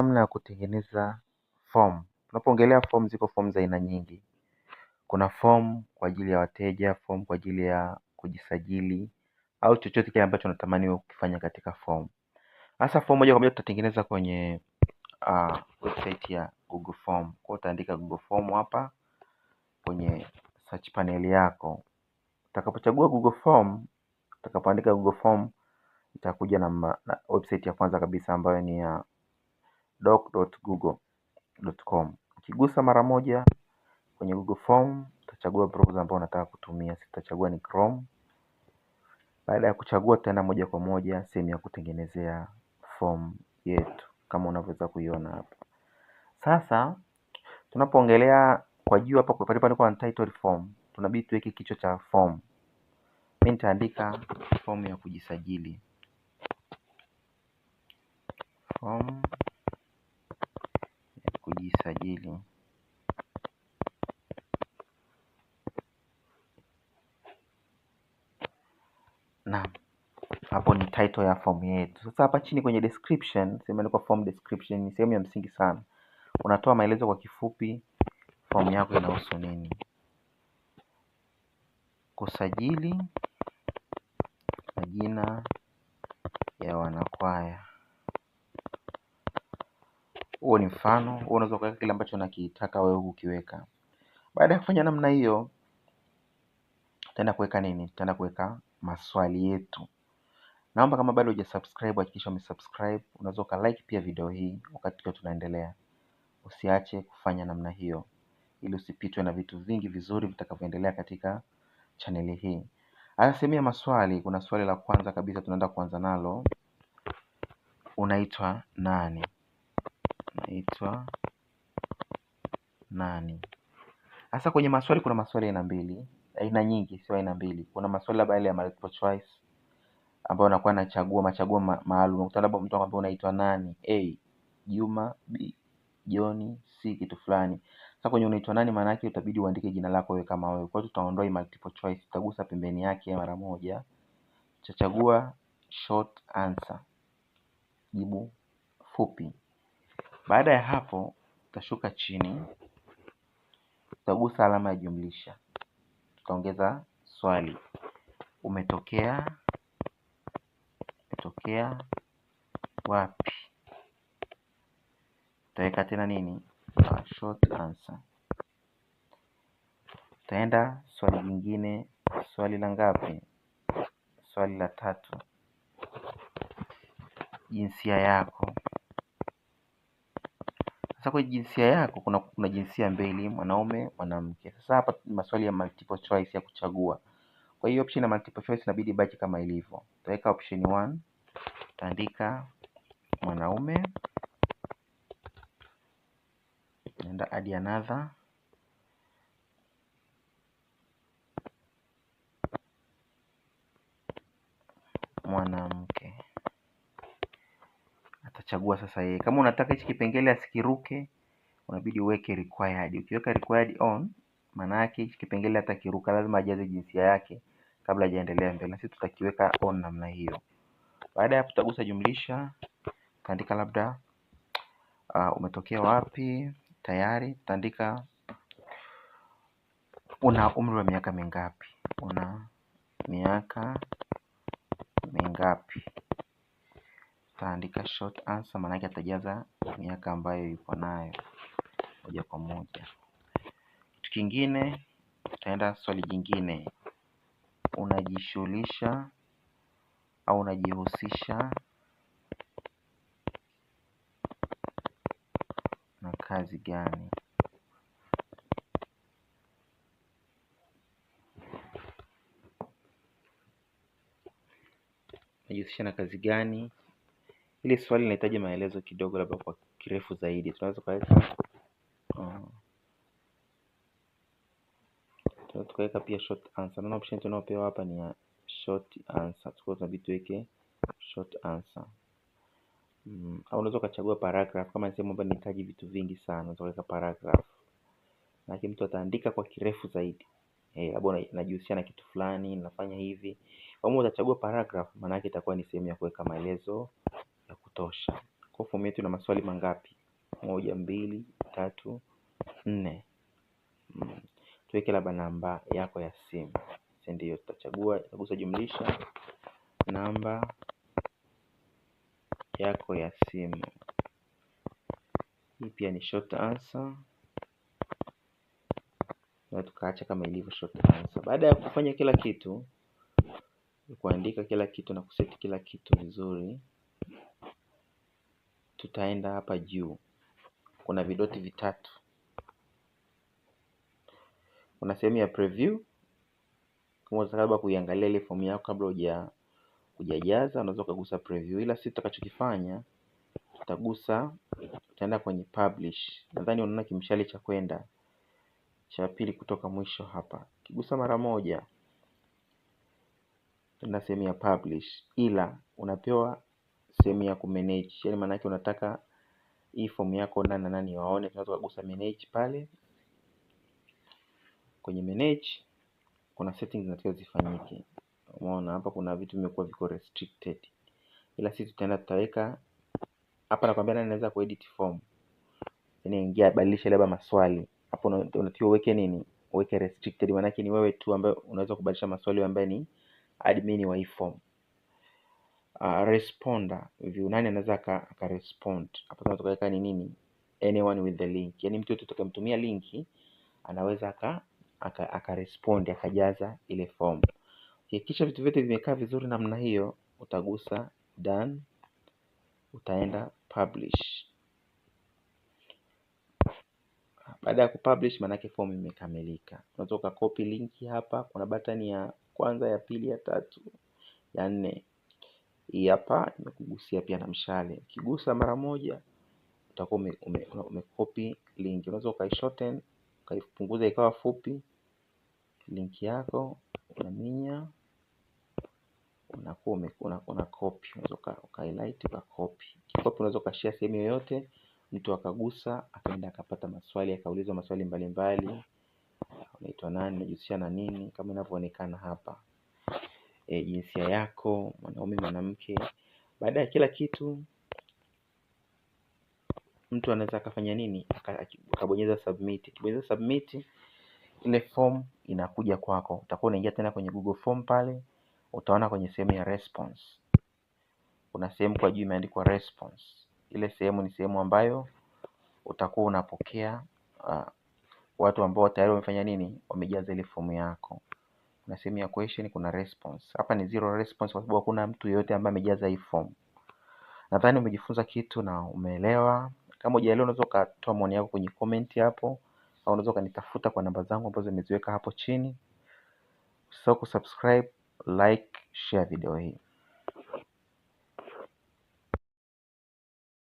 Namna ya kutengeneza form Tunapoongelea form ziko form za aina nyingi. Kuna form kwa ajili ya wateja, form kwa ajili ya kujisajili au chochote kile ambacho unatamani kufanya katika form Sasa form moja kwa moja tutatengeneza kwenye ah, website ya Google Form. Kwa hiyo utaandika Google Form hapa kwenye search panel yako. Utakapochagua Google Form, utakapoandika Google Form itakuja na website ya kwanza kabisa ambayo ni ya doc.google.com. Ukigusa mara moja kwenye Google Form utachagua browser ambayo unataka kutumia. tutachagua ni Chrome. Baada ya kuchagua, tutaenda moja kwa moja sehemu ya kutengenezea form yetu kama unavyoweza kuiona hapa. Sasa tunapoongelea kwa juu hapa kwa title form, tunabidi tuweke kichwa cha form. Mimi nitaandika form ya kujisajili form kujisajili. Naam, hapo ni title ya form yetu. Sasa hapa chini kwenye description, sehemu imeandikwa form description, ni sehemu ya msingi sana. Unatoa maelezo kwa kifupi, fomu yako inahusu nini, kusajili majina ya wanakwaya huo ni mfano, huo unaweza kuweka kile ambacho unakitaka wewe ukiweka. Baada ya kufanya namna hiyo, tutaenda kuweka nini? Tutaenda kuweka maswali yetu. Naomba kama bado hujasubscribe, hakikisha umesubscribe. Unaweza ukalike pia video hii wakati tukiwa tunaendelea. Usiache kufanya namna hiyo ili usipitwe na vitu vingi vizuri vitakavyoendelea katika chaneli hii. Haya, sehemu ya maswali, kuna swali la kwanza kabisa tunaenda kuanza nalo, unaitwa nani? inaitwa nani? hasa kwenye maswali kuna maswali aina mbili, aina nyingi, sio aina mbili. Kuna maswali labda ile ya multiple choice ambayo unakuwa nachagua machaguo maalum. Unakuta labda mtu akwambia unaitwa nani? A Juma, B John, C kitu fulani. Sasa kwenye unaitwa nani, maana yake utabidi uandike jina lako wewe kama wewe. Kwa hiyo tutaondoa hii multiple choice, tutagusa pembeni yake mara moja, tutachagua short answer, jibu fupi. Baada ya hapo utashuka chini, utagusa alama ya jumlisha, utaongeza swali umetokea umetokea wapi. Utaweka tena nini, short answer. Utaenda swali jingine swali la ngapi? Swali la tatu, jinsia yako sasa kwa jinsia yako kuna, kuna jinsia mbili, mwanaume, mwanamke. Sasa hapa ni maswali ya multiple choice ya kuchagua. Kwa hiyo option ya multiple choice inabidi ibaki kama ilivyo. Utaweka option 1, utaandika mwanaume, nenda add another mwanamke atachagua sasa yeye. Kama unataka hichi kipengele asikiruke, unabidi uweke required. Ukiweka required on, maana yake hichi kipengele atakiruka, lazima ajaze jinsia yake kabla hajaendelea mbele. Sisi tutakiweka on namna hiyo. Baada ya hapo, jumlisha, tandika labda uh, umetokea wapi, tayari tandika una umri wa miaka mingapi, una miaka mingapi ataandika short answer, maanake atajaza miaka ambayo yuko nayo moja kwa moja. Kitu kingine, tutaenda swali jingine, unajishughulisha au unajihusisha na kazi gani? Unajihusisha na kazi gani? Hili swali linahitaji maelezo kidogo labda kwa kirefu zaidi. Tunaweza tukaweka oh. tunaweza tukaweka pia short answer. Naona option tunayopewa hapa ni ya short answer. Tukao tunabidi tuweke short answer. Mm, au unaweza ukachagua paragraph kama nisema kwamba nihitaji vitu vingi sana, unaweza kuweka paragraph. Lakini mtu ataandika kwa kirefu zaidi. Eh, labda najihusisha na kitu fulani, nafanya hivi. Kama utachagua paragraph, maana yake itakuwa ni sehemu ya kuweka maelezo ya kutosha. fomu yetu ina maswali mangapi? Moja, mbili, tatu, nne. Mm. Tuweke labda namba yako ya simu, si ndio? Tutachagua, tutagusa jumlisha, namba yako ya simu. Hii pia ni short answer na tukaacha kama ilivyo short answer. Baada ya kufanya kila kitu, kuandika kila kitu na kuseti kila kitu vizuri tutaenda hapa juu. Kuna vidoti vitatu. Kuna sehemu ya preview. Kama labda kuiangalia ile fomu yako kabla uja hujajaza, unaweza ukagusa preview, ila sisi tutakachokifanya tutagusa, tutaenda kwenye publish. Nadhani unaona kimshale cha kwenda cha pili kutoka mwisho hapa. Kigusa mara moja, tuna sehemu ya publish, ila unapewa sehemu ya kumanage. Yani maanake unataka hii fomu yako nani na nani waone, tunaweza kugusa manage pale. Kwenye manage kuna settings zinatakiwa zifanyike. Umeona hapa kuna vitu vimekuwa viko restricted, ila sisi tutaenda tutaweka hapa, nakwambia nani anaweza kuedit form, yani ingia abadilishe labda maswali hapo, unatakiwa uweke nini, uweke restricted, maanake ni wewe tu ambaye unaweza kubadilisha maswali, ambaye ni admin wa hii form. Uh, responder view, nani anaweza ka respond hapo. Tunaweza tukaweka ni nini, anyone with the link, yani mtu yote tukamtumia linki anaweza ka aka, aka respond akajaza ile form. Kisha vitu vyote vimekaa vizuri namna hiyo, utagusa done, utaenda publish. Baada ya kupublish, maanake form imekamilika. Unaweza ukakopi linki hapa, kuna batani ya kwanza, ya pili, ya tatu, ya nne. Hii hapa imekugusia pia na mshale. Ukigusa mara moja utakuwa umekopi link. Unaweza ukaishorten, ukaipunguza ikawa fupi link yako, unaminya, unakuwa una copy. Unaweza uka copy Ukikopi unaweza ukashare sehemu yoyote, mtu akagusa akaenda akapata maswali, akaulizwa maswali mbalimbali. Unaitwa nani? Unajihusisha na nini? Kama inavyoonekana hapa. E, jinsia yako mwanaume mwanamke. Baada ya kila kitu mtu anaweza akafanya nini akabonyeza submit. Ukibonyeza submit ile form inakuja kwako, utakuwa unaingia tena kwenye Google Form pale, utaona kwenye sehemu ya response kuna sehemu kwa juu imeandikwa response. Ile sehemu ni sehemu ambayo utakuwa unapokea uh, watu ambao tayari wamefanya nini, wamejaza ile fomu yako kuna sehemu ya question, kuna response. Hapa ni zero response kwa sababu hakuna mtu yeyote ambaye amejaza hii form. Nadhani umejifunza kitu na umeelewa. Kama hujaelewa, unaweza ukatoa maoni yako kwenye comment hapo, au unaweza ukanitafuta kwa namba zangu ambazo nimeziweka hapo chini. Usisahau kusubscribe, like, share video hii.